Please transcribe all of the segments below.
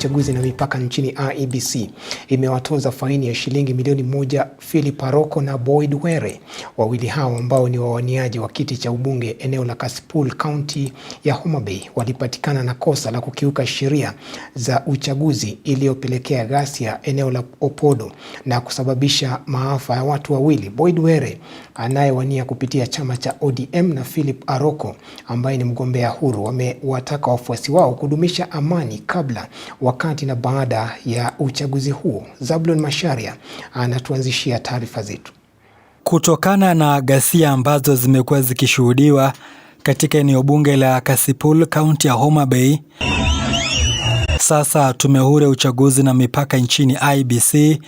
uchaguzi na mipaka nchini IEBC imewatoza faini ya shilingi milioni moja Philip Aroko na Boyd Were, wawili hao ambao ni wawaniaji wa kiti cha ubunge eneo la Kasipul, kaunti ya Homa Bay, walipatikana na kosa la kukiuka sheria za uchaguzi iliyopelekea ghasia eneo la Opodo na kusababisha maafa ya watu wawili. Boyd Were anayewania kupitia chama cha ODM na Philip Aroko ambaye ni mgombea huru wamewataka wafuasi wao kudumisha amani kabla, wakati na baada ya uchaguzi huo. Zablon Masharia anatuanzishia taarifa zetu. Kutokana na ghasia ambazo zimekuwa zikishuhudiwa katika eneo bunge la Kasipul, kaunti ya Homa Bay, sasa tume huru ya uchaguzi na mipaka nchini IBC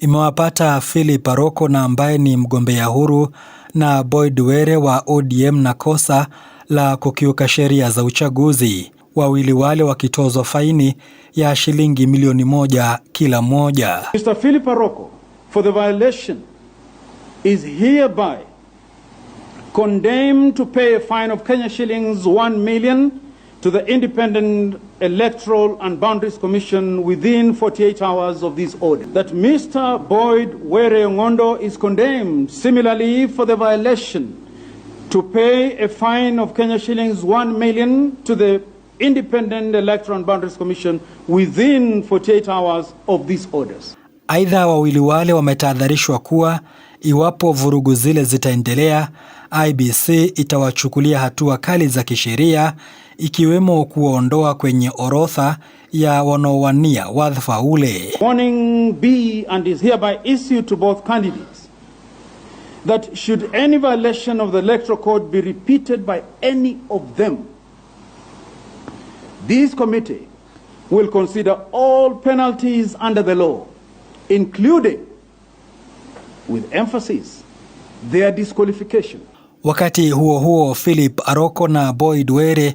imewapata Philip Paroko na ambaye ni mgombea huru na Boyd Were wa ODM na kosa la kukiuka sheria za uchaguzi, wawili wale wakitozwa faini ya shilingi milioni moja kila moja. Mr. Philip Paroko for the violation is hereby condemned to pay a fine of Kenya shillings 1 million to the Independent Electoral and Boundaries Commission within 48 hours of this order. That Mr. Boyd Were Ngondo is condemned similarly for the violation to pay a fine of Kenya shillings 1 million to the Independent Electoral and Boundaries Commission within 48 hours of these orders. Aidha, wawili wale wametahadharishwa kuwa iwapo vurugu zile zitaendelea, IBC itawachukulia hatua kali za kisheria ikiwemo kuondoa kwenye orodha ya wanaowania wadhifa ule. Warning be and is hereby issued to both candidates that should any violation of the electoral code be repeated by any of them this committee will consider all penalties under the law including with emphasis their disqualification. Wakati huo huo, Philip Aroko na Boyd Were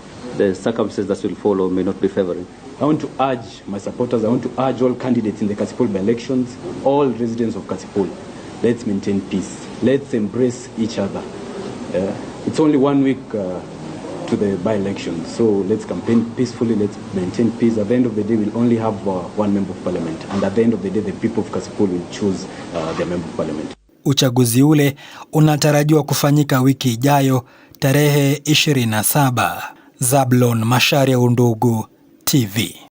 the circumstances that will follow may not be favoring. I want to urge my supporters, I want to urge all candidates in the Kasipul by-elections, all residents of Kasipul, let's maintain peace. Let's embrace each other. Uh, it's only one week uh, to the by-election, so let's campaign peacefully, let's maintain peace. At the end of the day, we'll only have uh, one member of parliament, and at the end of the day, the people of Kasipul will choose uh, their member of parliament. Uchaguzi ule unatarajiwa kufanyika wiki ijayo tarehe 27. Zablon Macharia Undugu TV.